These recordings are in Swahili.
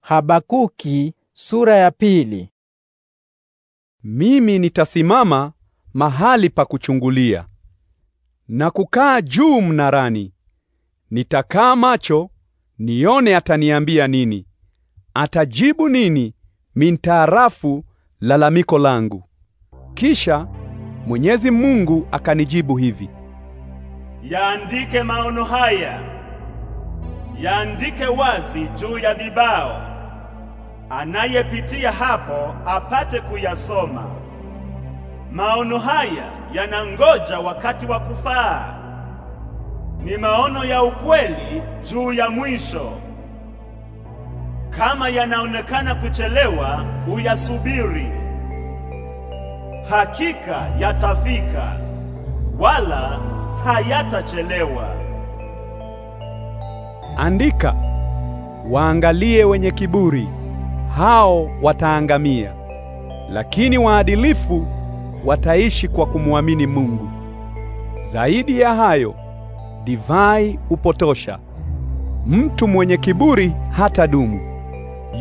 Habakuki sura ya pili. Mimi nitasimama mahali pa kuchungulia na kukaa juu mnarani. Nitakaa macho nione ataniambia nini, atajibu nini mintaarafu lalamiko langu. Kisha Mwenyezi Mungu akanijibu hivi: yaandike maono haya, yaandike wazi juu ya vibao anayepitia hapo apate kuyasoma. Maono haya yanangoja wakati wa kufaa, ni maono ya ukweli juu ya mwisho. Kama yanaonekana kuchelewa, uyasubiri. Hakika yatafika, wala hayatachelewa. Andika, waangalie wenye kiburi hao wataangamia, lakini waadilifu wataishi kwa kumwamini Mungu. Zaidi ya hayo, divai upotosha. Mtu mwenye kiburi hata dumu,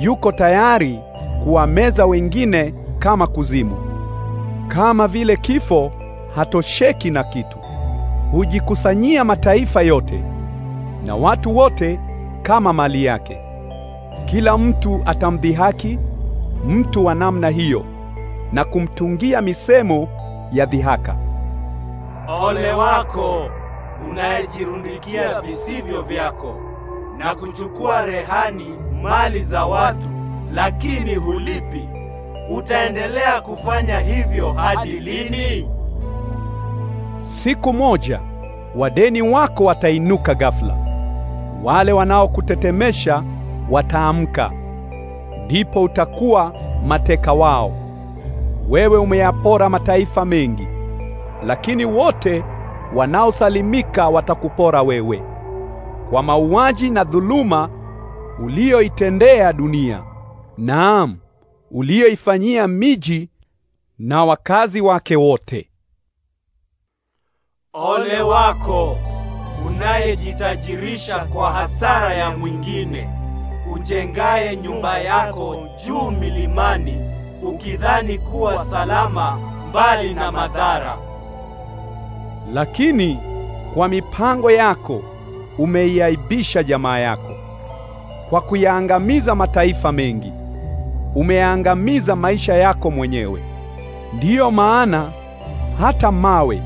yuko tayari kuwameza wengine kama kuzimu. Kama vile kifo hatosheki na kitu, hujikusanyia mataifa yote na watu wote kama mali yake. Kila mtu atamdhihaki mtu wa namna hiyo na kumtungia misemo ya dhihaka. Ole wako unayejirundikia visivyo vyako na kuchukua rehani mali za watu, lakini hulipi. Utaendelea kufanya hivyo hadi lini? Siku moja wadeni wako watainuka ghafla, wale wanaokutetemesha wataamka, ndipo utakuwa mateka wao. Wewe umeyapora mataifa mengi, lakini wote wanaosalimika watakupora wewe kwa mauaji na dhuluma uliyoitendea dunia, naam, uliyoifanyia miji na wakazi wake wote. Ole wako unayejitajirisha kwa hasara ya mwingine ujengaye nyumba yako juu milimani, ukidhani kuwa salama mbali na madhara. Lakini kwa mipango yako umeiaibisha jamaa yako. Kwa kuyaangamiza mataifa mengi umeyaangamiza maisha yako mwenyewe. Ndiyo maana hata mawe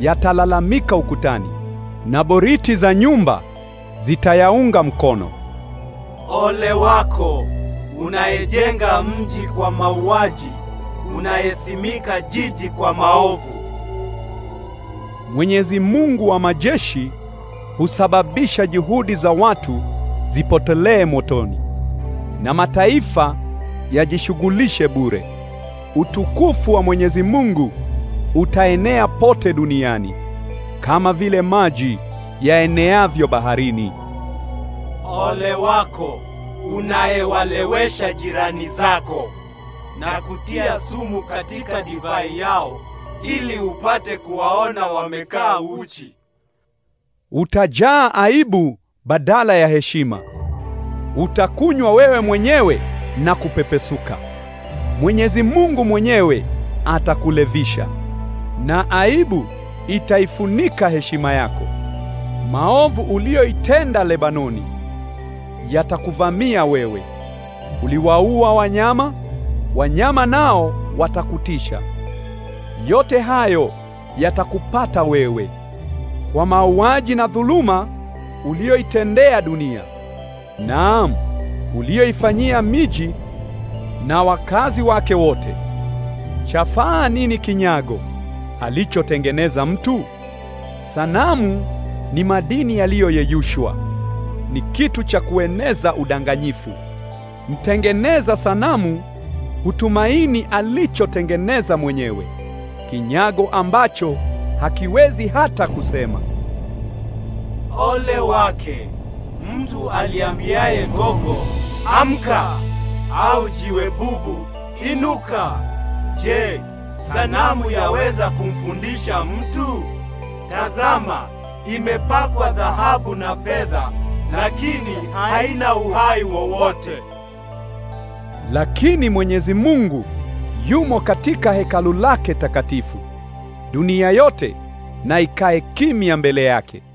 yatalalamika ukutani na boriti za nyumba zitayaunga mkono. Ole wako unayejenga mji kwa mauaji, unayesimika jiji kwa maovu. Mwenyezi Mungu wa majeshi husababisha juhudi za watu zipotelee motoni na mataifa yajishughulishe bure. Utukufu wa Mwenyezi Mungu utaenea pote duniani kama vile maji yaeneavyo baharini. Ole wako unayewalewesha jirani zako na kutia sumu katika divai yao ili upate kuwaona wamekaa uchi. Utajaa aibu badala ya heshima. Utakunywa wewe mwenyewe na kupepesuka. Mwenyezi Mungu mwenyewe atakulevisha na aibu itaifunika heshima yako. Maovu uliyoitenda Lebanoni yatakuvamia wewe. Uliwaua wanyama, wanyama nao watakutisha. Yote hayo yatakupata wewe kwa mauaji na dhuluma uliyoitendea dunia, naam, uliyoifanyia miji na wakazi wake wote. Chafaa nini kinyago alichotengeneza mtu? Sanamu ni madini yaliyoyeyushwa ni kitu cha kueneza udanganyifu. Mtengeneza sanamu hutumaini alichotengeneza mwenyewe, kinyago ambacho hakiwezi hata kusema. Ole wake mtu aliambiaye gogo amka, au jiwe bubu inuka. Je, sanamu yaweza kumfundisha mtu? Tazama, imepakwa dhahabu na fedha lakini haina uhai wowote. Lakini Mwenyezi Mungu yumo katika hekalu lake takatifu, dunia yote na ikae kimya mbele yake.